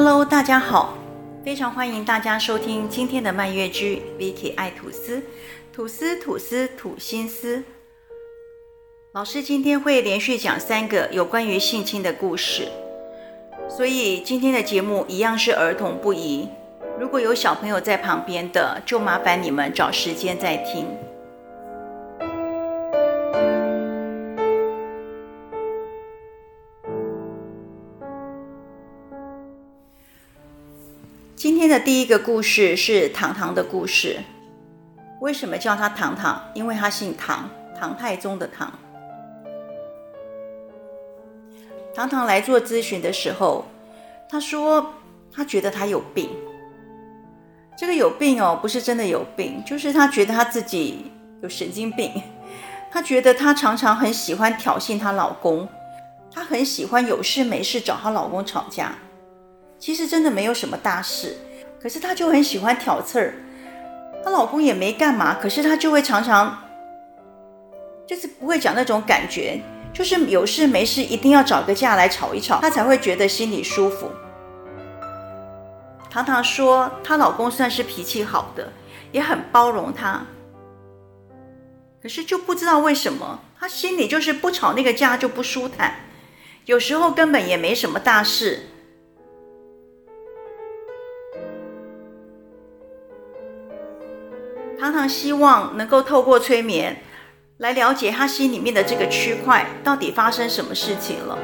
Hello，大家好，非常歡迎大家收聽今天的曼月劇《漫月居》Viki 愛吐司，吐司吐司吐心思。老師今天會連續講三個有關於性侵的故事，所以今天的節目一樣是兒童不宜。如果有小朋友在旁邊的，就麻煩你們找時間再聽。今天的第一個故事是唐唐的故事。為什麼叫他唐唐？因為他姓唐，唐太宗的唐。唐唐來做諮詢的時候，他說他覺得他有病。這個有病哦，不是真的有病，就是他覺得他自己有神經病。他覺得他常常很喜歡挑釁她老公，他很喜歡有事沒事找她老公吵架。其實真的沒有什麼大事。可是她就很喜歡挑刺兒，她老公也沒幹嘛，可是她就會常常，就是不會講那種感覺，就是有事沒事一定要找個架來吵一吵，她才會覺得心裡舒服。糖糖說，她老公算是脾氣好的，也很包容她，可是就不知道為什麼，她心裡就是不吵那個架就不舒坦，有時候根本也沒什麼大事。堂堂希望能夠透過催眠來了解她心裡面的這個區塊到底發生什麼事情了。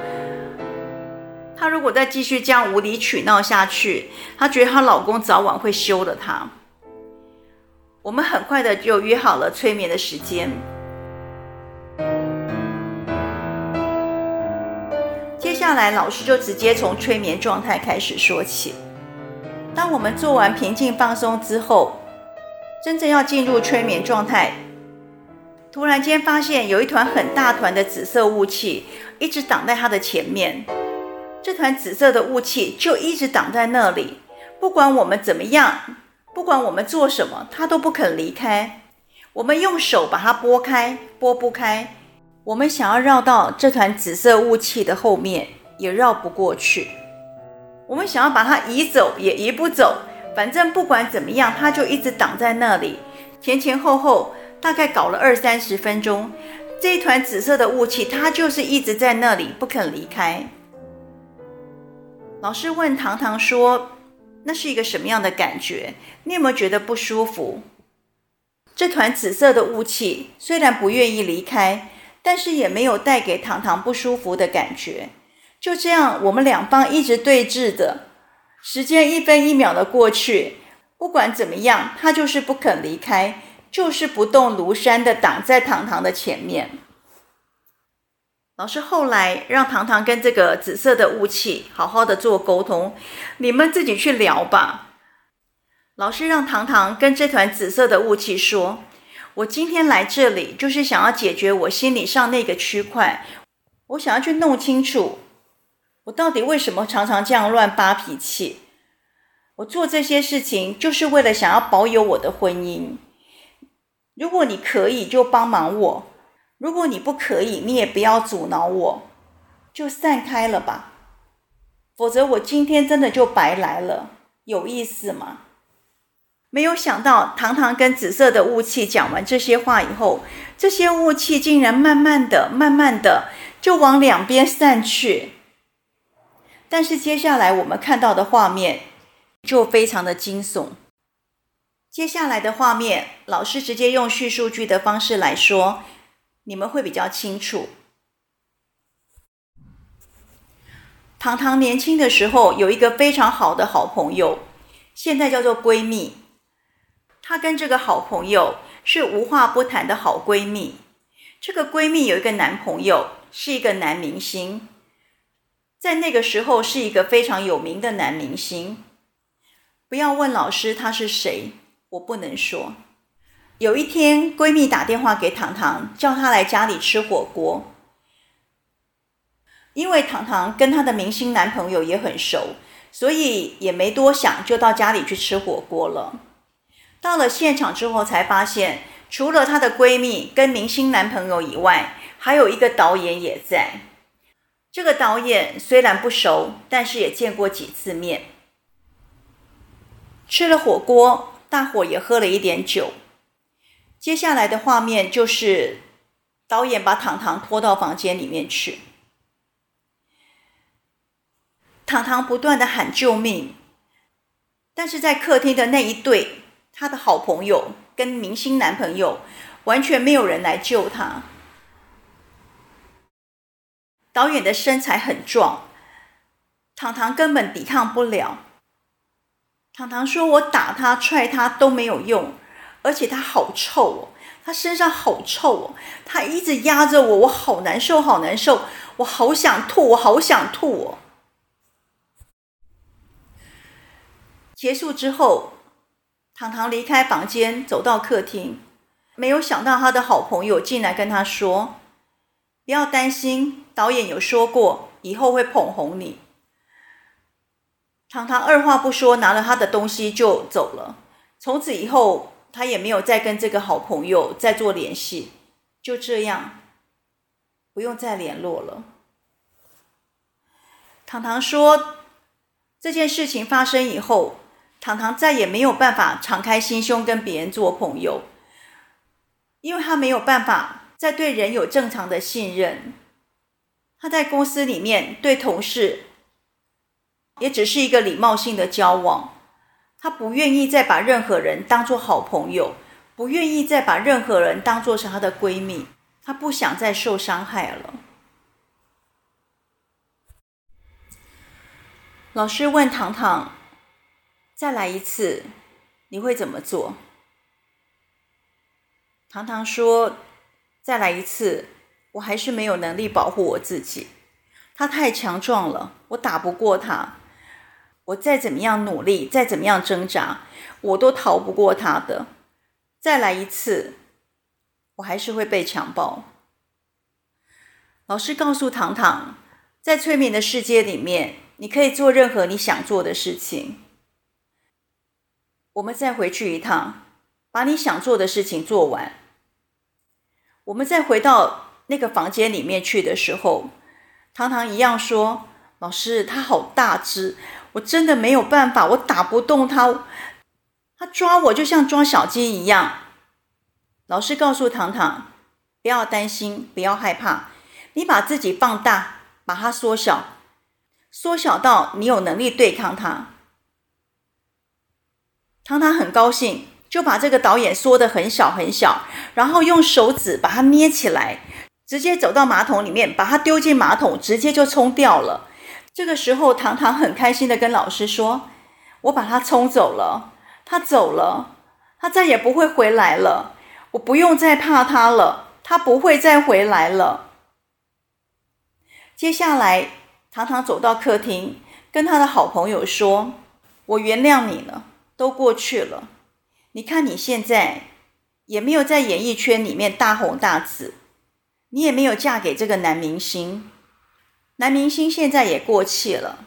她如果再繼續這樣無理取鬧下去，她覺得她老公早晚會休了她。我們很快的就約好了催眠的時間。接下來老師就直接從催眠狀態開始說起。當我們做完平靜放鬆之後。真正要進入催眠狀態，突然間發現有一團很大團的紫色霧氣一直擋在它的前面。這團紫色的霧氣就一直擋在那裡，不管我們怎麼樣，不管我們做什麼，它都不肯離開。我們用手把它撥開，撥不開。我們想要繞到這團紫色霧氣的後面，也繞不過去。我們想要把它移走，也移不走。反正不管怎麼樣，他就一直擋在那裡，前前後後大概搞了二三十分鐘。這一團紫色的霧氣，他就是一直在那裡不肯離開。老師問糖糖說：“那是一個什麼樣的感覺？你有沒有覺得不舒服？”這團紫色的霧氣雖然不願意離開，但是也沒有帶給糖糖不舒服的感覺。就這樣，我們兩方一直對峙着。時間一分一秒的過去，不管怎麼樣，他就是不肯離開，就是不動如山的擋在糖糖的前面。老師後來讓糖糖跟這個紫色的霧氣好好的做溝通，你們自己去聊吧。老師讓糖糖跟這團紫色的霧氣說：“我今天來這裡就是想要解決我心理上那個區塊，我想要去弄清楚。”我到底為什麼常常這樣亂發脾氣？我做這些事情就是為了想要保有我的婚姻。如果你可以，就幫忙我，如果你不可以，你也不要阻撓我，就散開了吧。否則我今天真的就白來了，有意思嗎？沒有想到，糖糖跟紫色的霧氣講完這些話以後，這些霧氣竟然慢慢的、慢慢的就往兩邊散去。但是接下來我們看到的畫面就非常的驚悚。接下來的畫面，老師直接用敘述句的方式來說，你們會比較清楚。糖糖年輕的時候有一個非常好的好朋友，現在叫做閨蜜。她跟這個好朋友是無話不談的好閨蜜。這個閨蜜有一個男朋友，是一個男明星。在那個時候是一個非常有名的男明星。不要問老師他是誰，我不能說。有一天，閨蜜打電話給糖糖，叫她來家裡吃火鍋。因為糖糖跟她的明星男朋友也很熟，所以也沒多想，就到家裡去吃火鍋了。到了現場之後，才發現除了她的閨蜜跟明星男朋友以外，還有一個導演也在。這個導演雖然不熟，但是也見過幾次面。吃了火鍋，大夥也喝了一點酒。接下來的畫面就是導演把糖糖拖到房間裡面去，糖糖不斷地喊救命，但是在客廳的那一對，他的好朋友跟明星男朋友，完全沒有人來救他。導演的身材很壯，唐唐根本抵抗不了。唐唐說：“我打他、踹他都沒有用，而且他好臭哦，他身上好臭哦。他一直壓着我，我好難受，好難受，我好想吐，我好想吐哦。”結束之後，唐唐離開房間，走到客廳，沒有想到他的好朋友進來跟他說：“不要擔心。”導演有說過，以後會捧紅你。唐唐二話不說，拿了他的東西就走了。從此以後，他也沒有再跟這個好朋友再做聯繫，就這樣，不用再聯絡了。唐唐說，這件事情發生以後，唐唐再也沒有辦法敞開心胸跟別人做朋友，因為他沒有辦法再對人有正常的信任。他在公司裡面對同事也只是一個禮貌性的交往，他不願意再把任何人當做好朋友，不願意再把任何人當做是他的閨蜜，他不想再受傷害了。老師問糖糖：“再來一次，你會怎麼做？”糖糖說：“再來一次。”我還是沒有能力保護我自己，他太強壯了，我打不過他。我再怎麼樣努力，再怎麼樣掙扎，我都逃不過他的。再來一次，我還是會被強暴。老師告訴糖糖，在催眠的世界裡面，你可以做任何你想做的事情。我們再回去一趟，把你想做的事情做完。我們再回到。那個房間裡面去的時候，糖糖一樣說：“老師，他好大只，我真的沒有辦法，我打不動他，他抓我就像抓小雞一樣。”老師告訴糖糖：“不要擔心，不要害怕，你把自己放大，把它縮小，縮小到你有能力對抗他。”糖糖很高興，就把這個導演縮得很小很小，然後用手指把它捏起來。直接走到馬桶裡面，把它丟進馬桶，直接就沖掉了。這個時候，糖糖很開心地跟老師說：“我把它沖走了，它走了，它再也不會回來了，我不用再怕它了，它不會再回來了。”接下來，糖糖走到客廳，跟他的好朋友說：“我原諒你了，都過去了。你看你現在也沒有在演藝圈裡面大紅大紫。”你也沒有嫁給這個男明星，男明星現在也過氣了。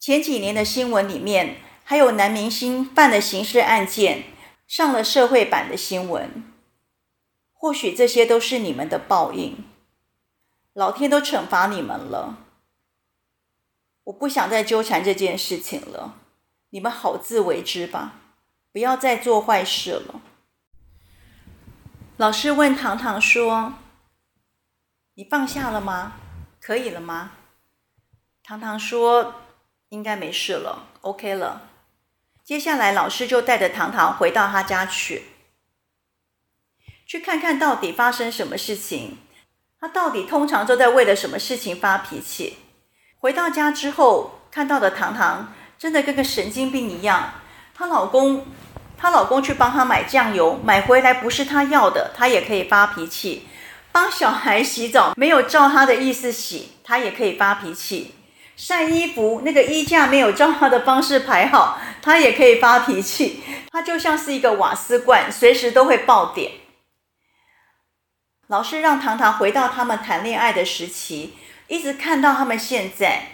前幾年的新聞裡面，還有男明星犯了刑事案件，上了社會版的新聞。或許這些都是你們的報應，老天都懲罰你們了。我不想再糾纏這件事情了，你們好自為之吧，不要再做壞事了。老師問糖糖說。你放下了嗎？可以了嗎？糖糖說，應該沒事了，OK 了。接下來老師就帶着糖糖回到她家去，去看看到底發生什麼事情。她到底通常都在為了什麼事情發脾氣？回到家之後看到的糖糖真的跟個神經病一樣。她老公，她老公去幫她買醬油，買回來不是她要的，她也可以發脾氣。幫小孩洗澡沒有照他的意思洗，他也可以發脾氣；曬衣服那個衣架沒有照他的方式排好，他也可以發脾氣。他就像是一個瓦斯罐，隨時都會爆點。老師讓糖糖回到他們談戀愛的時期，一直看到他們現在。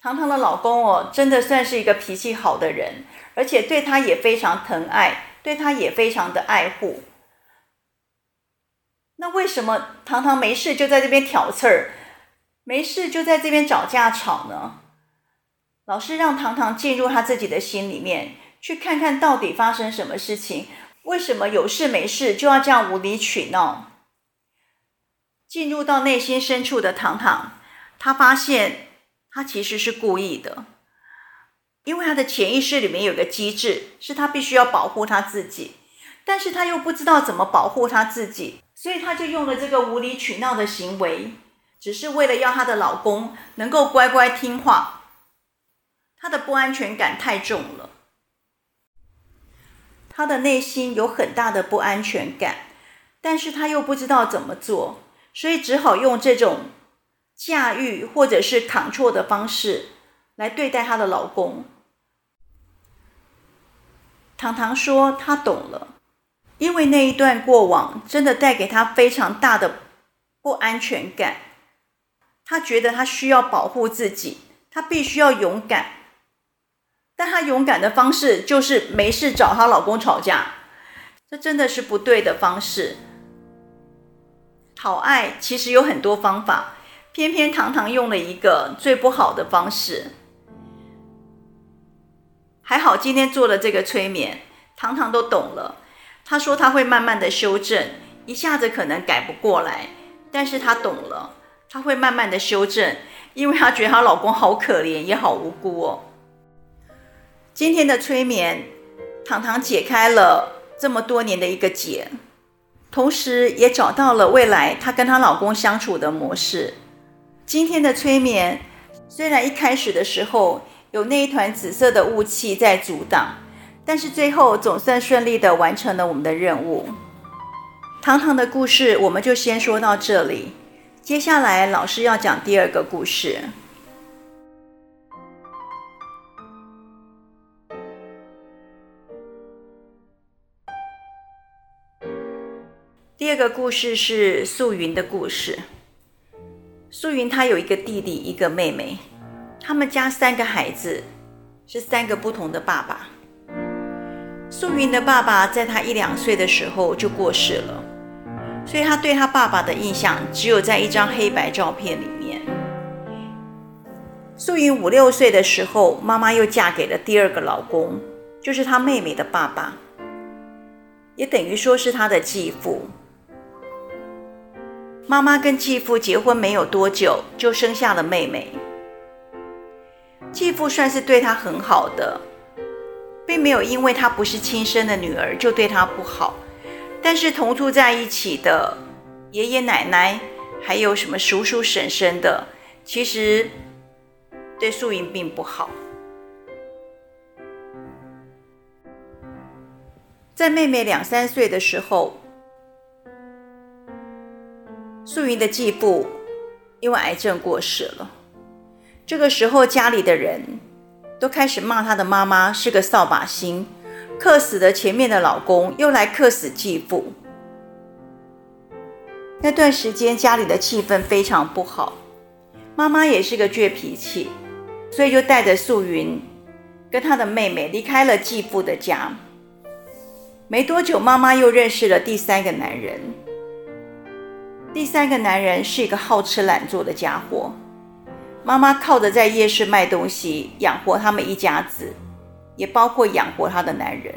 糖糖的老公哦，真的算是一個脾氣好的人，而且對她也非常疼愛，對她也非常的愛護。那為什麼糖糖沒事就在這邊挑刺兒，沒事就在這邊找架吵呢？老師讓糖糖進入他自己的心裡面，去看看到底發生什麼事情，為什麼有事沒事就要這樣無理取鬧？進入到內心深處的糖糖，他發現他其實是故意的，因為他的潛意識裡面有個機制，是他必須要保護他自己，但是他又不知道怎麼保護他自己。所以她就用了這個無理取鬧的行為，只是為了要她的老公能夠乖乖聽話。她的不安全感太重了，她的內心有很大的不安全感，但是她又不知道怎麼做，所以只好用這種駕馭或者是控制的方式來對待她的老公。糖糖說她懂了。因為那一段過往真的帶給她非常大的不安全感，她覺得她需要保護自己，她必須要勇敢，但她勇敢的方式就是沒事找她老公吵架，這真的是不對的方式。討愛其實有很多方法，偏偏糖糖用了一個最不好的方式。還好今天做了這個催眠，糖糖都懂了。她說：“她會慢慢的修正，一下子可能改不過來，但是她懂了，她會慢慢的修正，因為她覺得她老公好可憐，也好無辜哦。”今天的催眠，糖糖解開了這麼多年的一個結，同時也找到了未來她跟她老公相處的模式。今天的催眠，雖然一開始的時候有那一團紫色的霧氣在阻擋。但是最後總算順利的完成了我們的任務。糖糖的故事我們就先說到這裡，接下來老師要講第二個故事。第二個故事是素雲的故事。素雲她有一個弟弟，一個妹妹，他們家三個孩子是三個不同的爸爸。素雲的爸爸在她一兩歲的時候就過世了，所以她對她爸爸的印象只有在一張黑白照片裡面。素雲五六歲的時候，媽媽又嫁給了第二個老公，就是她妹妹的爸爸，也等於說是她的繼父。媽媽跟繼父結婚沒有多久，就生下了妹妹。繼父算是對她很好的。並沒有因為她不是親生的女兒就對她不好，但是同住在一起的爺爺奶奶，還有什麼叔叔嬸嬸的，其實對素雲並不好。在妹妹兩三歲的時候，素雲的繼父因為癌症過世了，這個時候家裡的人，都開始罵她的媽媽是個掃把星，克死的前面的老公，又來克死繼父。那段時間家裡的氣氛非常不好，媽媽也是個倔脾氣，所以就帶着素雲跟她的妹妹離開了繼父的家。沒多久，媽媽又認識了第三個男人。第三個男人是一個好吃懶做的傢伙。媽媽靠着在夜市賣東西養活他們一家子，也包括養活她的男人。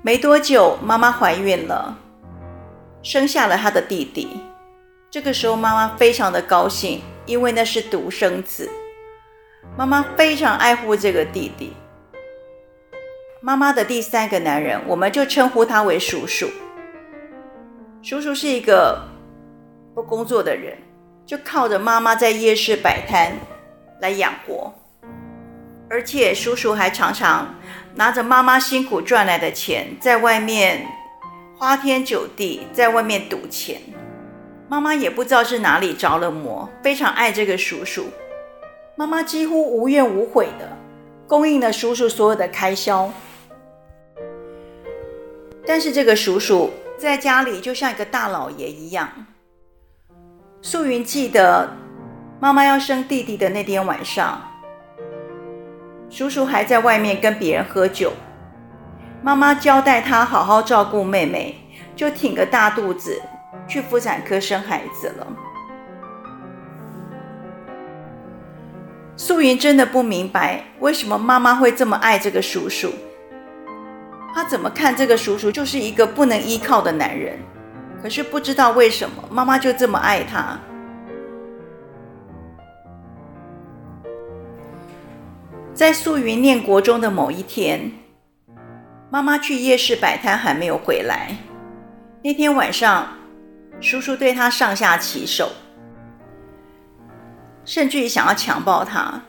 沒多久，媽媽懷孕了，生下了她的弟弟。這個時候，媽媽非常的高興，因為那是獨生子。媽媽非常愛護這個弟弟。媽媽的第三個男人，我們就稱呼他為叔叔。叔叔是一個不工作的人。就靠着媽媽在夜市擺攤來養活，而且叔叔還常常拿着媽媽辛苦賺來的錢，在外面花天酒地，在外面賭錢。媽媽也不知道是哪裡着了魔，非常愛這個叔叔，媽媽幾乎無怨無悔的供應了叔叔所有的開銷。但是這個叔叔在家裡就像一個大老爺一樣。素雲記得，媽媽要生弟弟的那天晚上，叔叔還在外面跟別人喝酒。媽媽交代她好好照顧妹妹，就挺個大肚子去婦產科生孩子了。素雲真的不明白，為什麼媽媽會這麼愛這個叔叔？她怎麼看這個叔叔，就是一個不能依靠的男人。可是不知道為什麼，媽媽就這麼愛他。在素雲念國中的某一天，媽媽去夜市擺攤還沒有回來。那天晚上，叔叔對她上下其手，甚至於想要強暴她，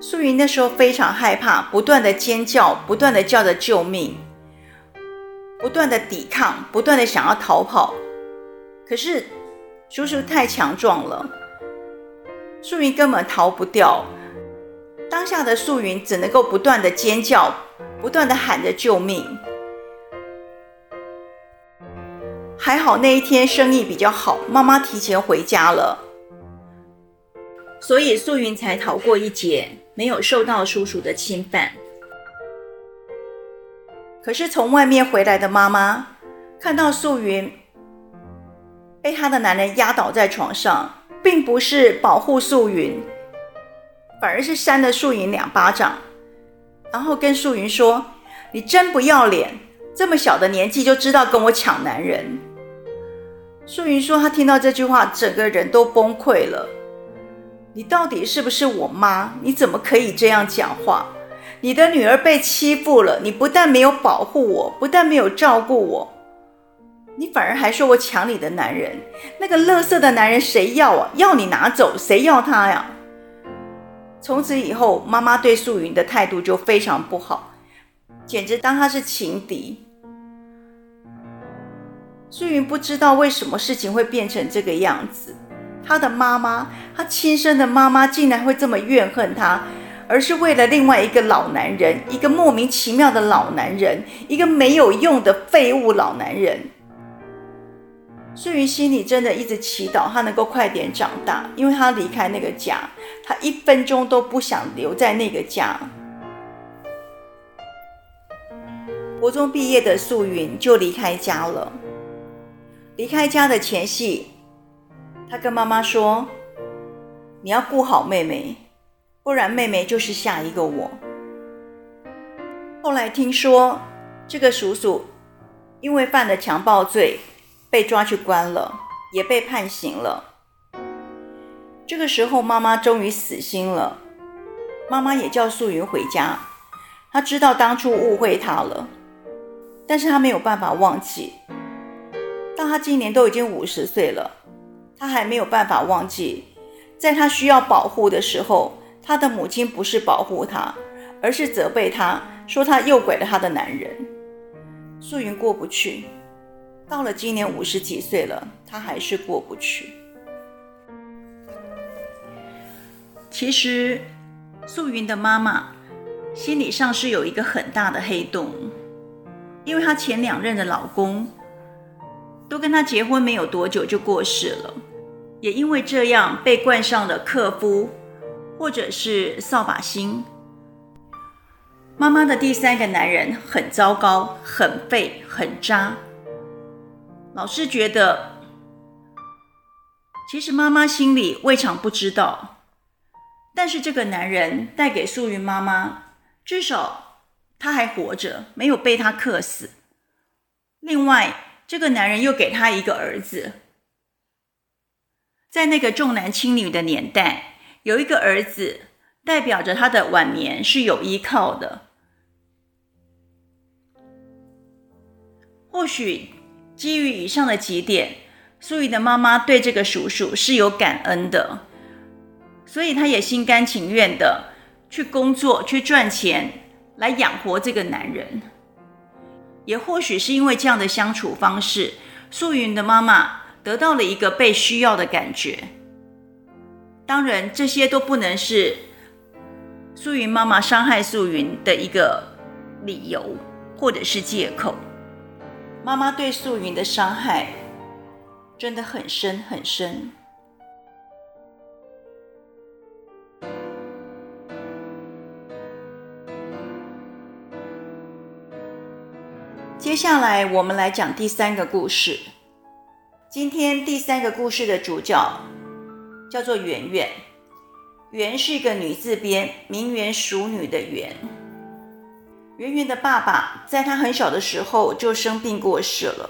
素雲那時候非常害怕，不斷的尖叫，不斷的叫着救命。不斷的抵抗，不斷的想要逃跑，可是叔叔太強壯了，素雲根本逃不掉。當下的素雲只能夠不斷的尖叫，不斷的喊着救命。還好那一天生意比較好，媽媽提前回家了，所以素雲才逃過一劫，沒有受到叔叔的侵犯。可是從外面回來的媽媽，看到素雲被她的男人壓倒在床上，並不是保護素雲，反而是扇了素雲兩巴掌，然後跟素雲說：“你真不要臉，這麼小的年紀就知道跟我搶男人。”素雲說：“她聽到這句話，整個人都崩潰了。你到底是不是我媽？你怎麼可以這樣講話？”你的女兒被欺負了，你不但沒有保護我，不但沒有照顧我，你反而還說我搶你的男人，那個垃圾的男人誰要啊？要你拿走，誰要他呀？從此以後，媽媽對素雲的態度就非常不好，簡直當她是情敵。素雲不知道為什麼事情會變成這個樣子，她的媽媽，她親生的媽媽，竟然會這麼怨恨她。而是為了另外一個老男人，一個莫名其妙的老男人，一個沒有用的廢物老男人。素云心裡真的一直祈禱他能夠快點長大，因為他離開那個家，他一分鐘都不想留在那個家。國中畢業的素云就離開家了。離開家的前夕，他跟媽媽說：“你要顧好妹妹。”不然，妹妹就是下一個我。後來聽說，這個叔叔因為犯了強暴罪，被抓去關了，也被判刑了。這個時候，媽媽終於死心了。媽媽也叫素云回家。她知道當初誤會她了，但是她沒有辦法忘記。到她今年都已經五十歲了，她還沒有辦法忘記，在她需要保護的時候。她的母親不是保護她，而是責備她，說她誘拐了她的男人。素雲過不去，到了今年五十幾歲了，她還是過不去。其實，素雲的媽媽心理上是有一個很大的黑洞，因為她前兩任的老公都跟她結婚沒有多久就過世了，也因為這樣被冠上了剋夫。.或者是掃把星。媽媽的第三個男人很糟糕，很廢，很渣。老師覺得，其實媽媽心裡未嘗不知道，但是這個男人帶給素云媽媽，至少他還活着，沒有被他克死。另外，這個男人又給她一個兒子，在那個重男輕女的年代。有一個兒子，代表着他的晚年是有依靠的。或許基於以上的幾點，素雲的媽媽對這個叔叔是有感恩的，所以她也心甘情願的去工作、去賺錢，來養活這個男人。也或許是因為這樣的相處方式，素雲的媽媽得到了一個被需要的感覺。當然，這些都不能是素雲媽媽傷害素雲的一個理由或者是借口。媽媽對素雲的傷害真的很深很深。接下來，我們來講第三個故事。今天第三個故事的主角。叫做媛媛，媛是一個女字邊，名媛淑女的媛。媛媛的爸爸在她很小的時候就生病過世了，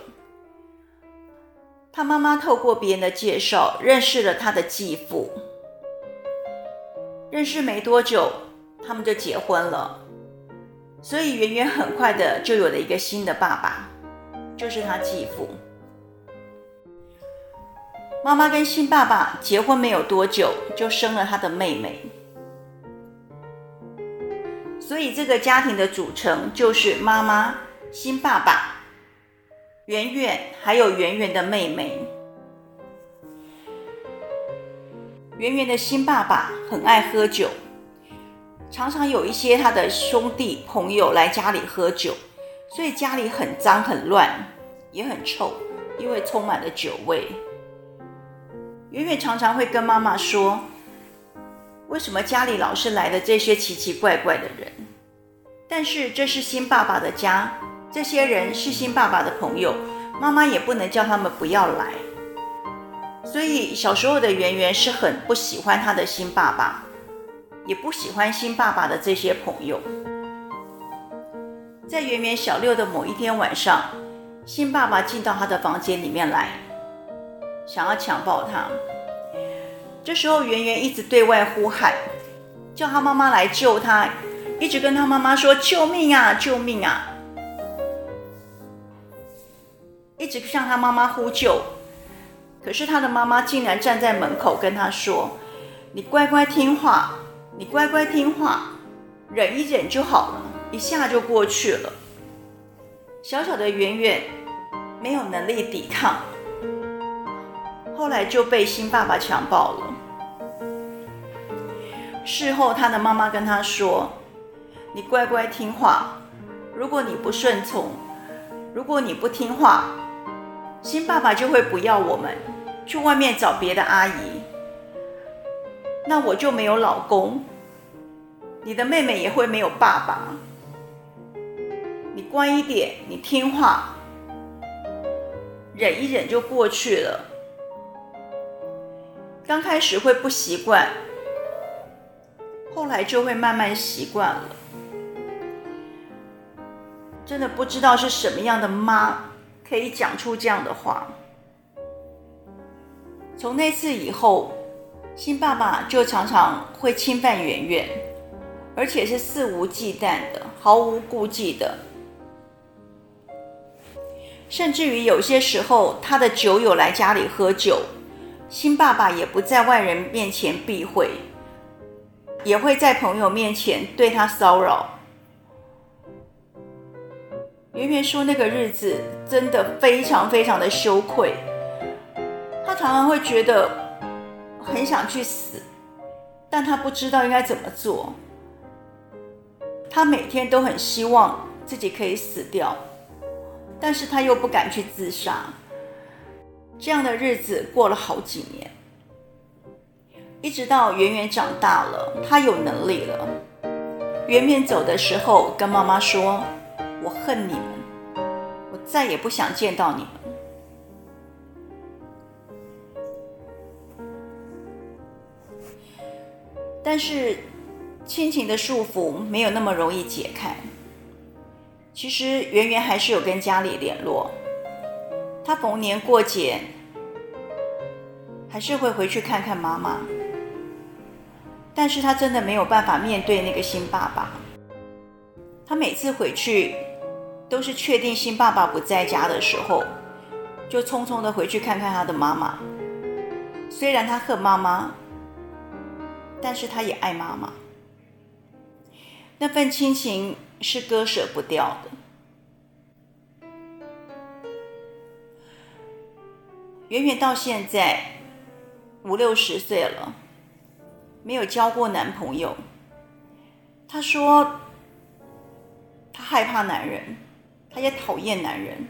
她媽媽透過別人的介紹認識了她的繼父，認識沒多久，他們就結婚了，所以媛媛很快的就有了一個新的爸爸，就是她繼父。媽媽跟新爸爸結婚沒有多久，就生了他的妹妹。所以這個家庭的組成就是媽媽、新爸爸、圓圓，還有圓圓的妹妹。圓圓的新爸爸很愛喝酒，常常有一些他的兄弟朋友來家裡喝酒，所以家裡很髒很亂，也很臭，因為充滿了酒味。圓圓常常會跟媽媽說：“為什麼家裡老是來的這些奇奇怪怪的人？”但是這是新爸爸的家，這些人是新爸爸的朋友，媽媽也不能叫他們不要來。所以小時候的圓圓是很不喜歡他的新爸爸，也不喜歡新爸爸的這些朋友。在圓圓小六的某一天晚上，新爸爸進到他的房間裡面來。想要強暴他，這時候圓圓一直對外呼喊，叫他媽媽來救他，一直跟他媽媽說：“救命啊，救命啊！”一直向他媽媽呼救，可是他的媽媽竟然站在門口跟他說：“你乖乖聽話，你乖乖聽話，忍一忍就好了，一下就過去了。”小小的圓圓沒有能力抵抗。後來就被新爸爸強暴了。事後，他的媽媽跟他說：“你乖乖聽話，如果你不順從，如果你不聽話，新爸爸就會不要我們，去外面找別的阿姨。那我就沒有老公，你的妹妹也會沒有爸爸。你乖一點，你聽話，忍一忍就過去了。”剛開始會不習慣，後來就會慢慢習慣了。真的不知道是什麼樣的媽可以講出這樣的話。從那次以後，新爸爸就常常會侵犯圓圓，而且是肆無忌憚的，毫無顧忌的，甚至於有些時候他的酒友來家裡喝酒。新爸爸也不在外人面前避諱，也會在朋友面前對他騷擾。圓圓說：“那個日子真的非常非常的羞愧，他常常會覺得很想去死，但他不知道應該怎麼做。他每天都很希望自己可以死掉，但是他又不敢去自殺。”這樣的日子過了好幾年，一直到圓圓長大了，她有能力了。圓圓走的時候，跟媽媽說：“我恨你們，我再也不想見到你們。”但是，親情的束縛沒有那麼容易解開。其實，圓圓還是有跟家裡聯絡。他逢年過節還是會回去看看媽媽，但是他真的沒有辦法面對那個新爸爸。他每次回去都是確定新爸爸不在家的時候，就匆匆的回去看看他的媽媽。雖然他恨媽媽，但是他也愛媽媽，那份親情是割捨不掉的。圓圓到現在，五六十歲了，沒有交過男朋友。她說，她害怕男人，她也討厭男人。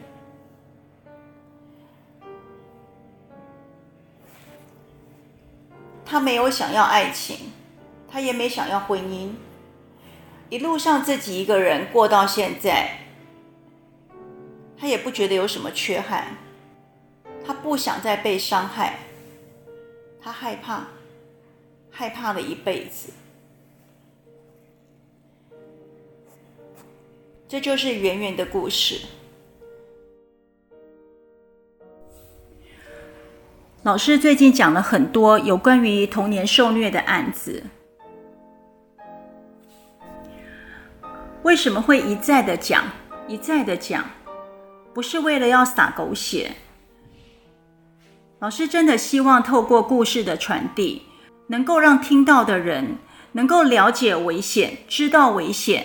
她沒有想要愛情，她也沒想要婚姻。一路上自己一個人過到現在，她也不覺得有什麼缺憾。他不想再被傷害，他害怕，害怕了一輩子。這就是圓圓的故事。老師最近講了很多有關於童年受虐的案子，為什麼會一再的講，一再的講？不是為了要撒狗血。老師真的希望透過故事的傳遞，能夠讓聽到的人能夠了解危險，知道危險，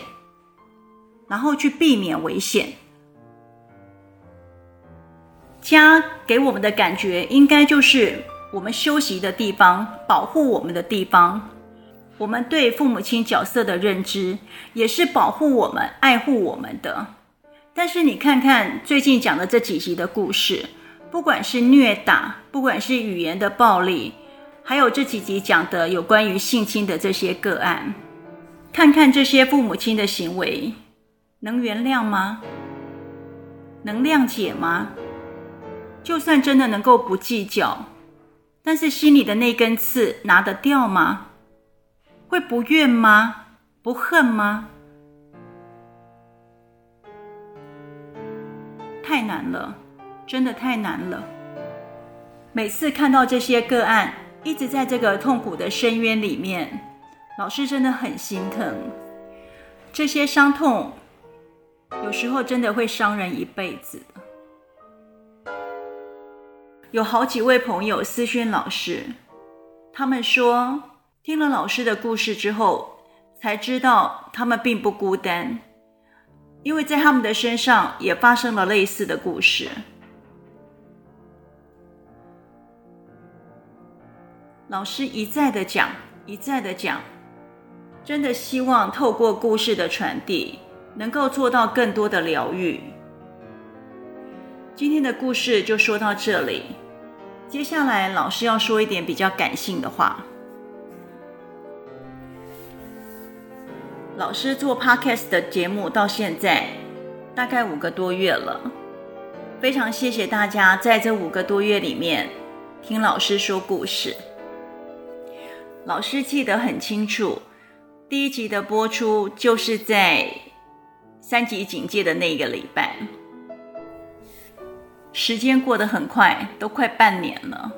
然後去避免危險。家給我們的感覺，應該就是我們休息的地方，保護我們的地方。我們對父母親角色的認知，也是保護我們、愛護我們的。但是你看看最近講的這幾集的故事。不管是虐打，不管是語言的暴力，還有這幾集講的有關於性侵的這些個案，看看這些父母親的行為，能原諒嗎？能諒解嗎？就算真的能夠不計較，但是心裡的那根刺拿得掉嗎？會不怨嗎？不恨嗎？太難了。真的太難了。每次看到這些個案，一直在這個痛苦的深淵裡面，老師真的很心疼。這些傷痛，有時候真的會傷人一輩子。有好幾位朋友，私訊老師，他們說，聽了老師的故事之後，才知道他們並不孤單，因為在他們的身上也發生了類似的故事。老師一再地講，一再地講，真的希望透過故事的傳遞，能夠做到更多的療癒。今天的故事就說到這裡，接下來老師要說一點比較感性的話。老師做 Podcast 的節目到現在大概五個多月了，非常謝謝大家在這五個多月裡面聽老師說故事。老師記得很清楚，第一集的播出就是在三級警戒的那一個禮拜。時間過得很快，都快半年了。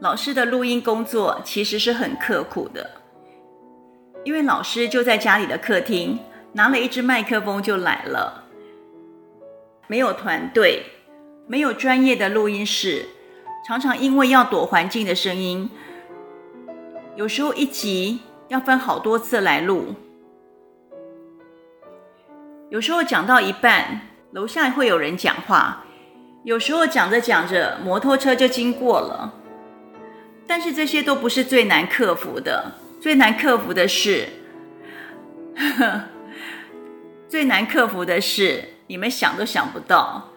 老師的錄音工作其實是很刻苦的，因為老師就在家裡的客廳拿了一支麥克風就來了，沒有團隊，沒有專業的錄音室，常常因為要躲環境的聲音。有時候一集要分好多次來錄，有時候講到一半，樓下也會有人講話；有時候講着講着，摩托車就經過了。但是這些都不是最難克服的，最難克服的是，呵呵，最難克服的是，你們想都想不到，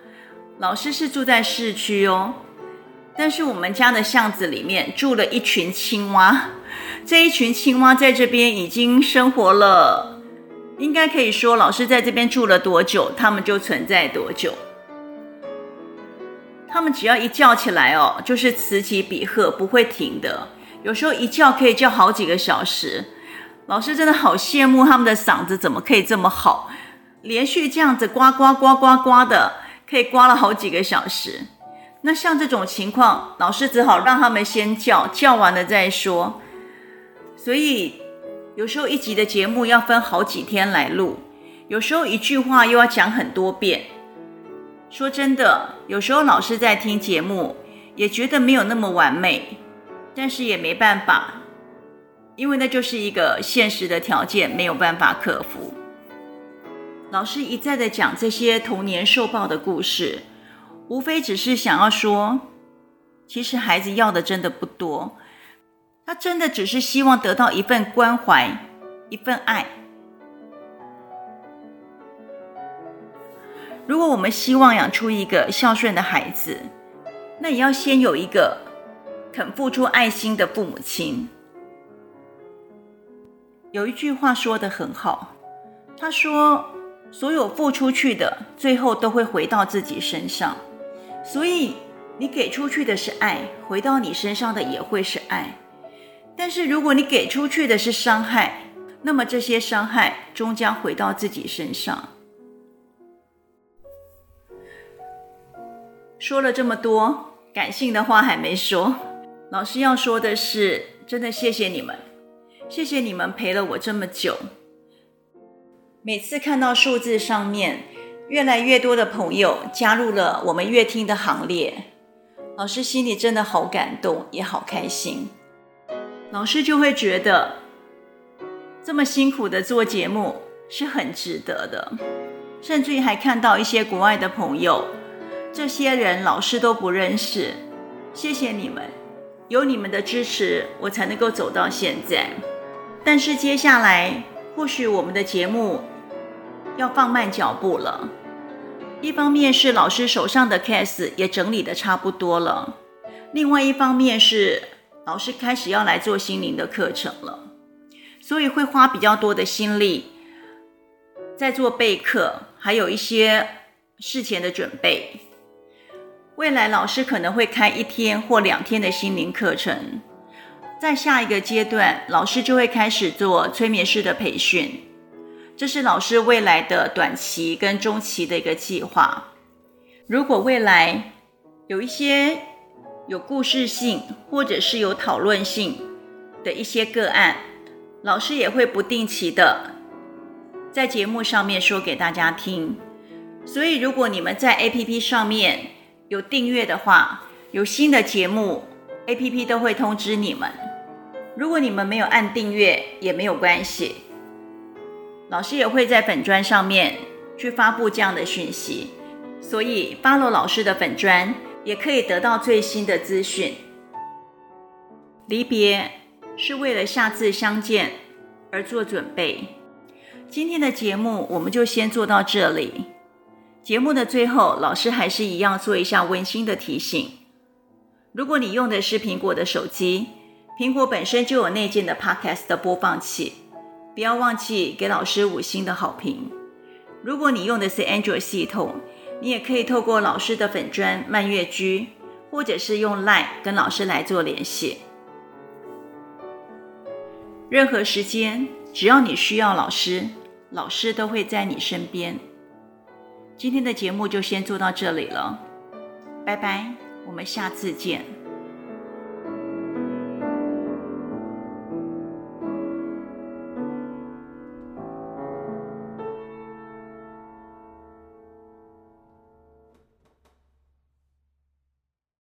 老師是住在市區哦，但是我們家的巷子裡面住了一群青蛙。這一群青蛙在這邊已經生活了，應該可以說老師在這邊住了多久，它們就存在多久。它們只要一叫起來哦，就是此起彼伏，不會停的。有時候一叫可以叫好幾個小時。老師真的好羨慕他們的嗓子，怎麼可以這麼好，連續這樣子呱呱呱呱呱的，可以呱了好幾個小時。那像這種情況，老師只好讓他們先叫，叫完了再說。所以，有時候一集的節目要分好幾天來錄，有時候一句話又要講很多遍。說真的，有時候老師在聽節目，也覺得沒有那麼完美，但是也沒辦法，因為那就是一個現實的條件，沒有辦法克服。老師一再的講這些童年受暴的故事，無非只是想要說，其實孩子要的真的不多。他真的只是希望得到一份關懷，一份愛。如果我們希望養出一個孝順的孩子，那也要先有一個肯付出愛心的父母親。有一句話說的很好，他說：“所有付出去的，最後都會回到自己身上。所以，你給出去的是愛，回到你身上的也會是愛。”但是，如果你給出去的是傷害，那麼這些傷害終將回到自己身上。說了這麼多感性的話，還沒說。老師要說的是，真的謝謝你們，謝謝你們陪了我這麼久。每次看到數字上面越來越多的朋友加入了我們樂聽的行列，老師心裡真的好感動，也好開心。老師就會覺得這麼辛苦的做節目是很值得的，甚至於還看到一些國外的朋友，這些人老師都不認識。謝謝你們，有你們的支持，我才能夠走到現在。但是接下來，或許我們的節目要放慢腳步了。一方面是老師手上的 case 也整理的差不多了，另外一方面是。老師開始要來做心靈的課程了，所以會花比較多的心力在做備課，還有一些事前的準備。未來老師可能會開一天或兩天的心靈課程。在下一個階段，老師就會開始做催眠師的培訓。這是老師未來的短期跟中期的一個計劃。如果未來有一些有故事性或者是有討論性的一些個案，老師也會不定期的在節目上面說給大家聽。所以，如果你們在 APP 上面有訂閱的話，有新的節目 APP 都會通知你們。如果你們沒有按訂閱也沒有關係，老師也會在粉專上面去發布這樣的訊息。所以，follow 老師的粉專。也可以得到最新的資訊。離別是為了下次相見而做準備。今天的節目我們就先做到這裡。節目的最後，老師還是一樣做一下溫馨的提醒：如果你用的是蘋果的手機，蘋果本身就有內建的 Podcast 的播放器，不要忘記給老師五星的好評。如果你用的是 Android 系統，你也可以透過老師的粉專慢月居，或者是用 Line 跟老師來做聯繫。任何時間，只要你需要老師，老師都會在你身邊。今天的節目就先做到這裡了，拜拜，我們下次見。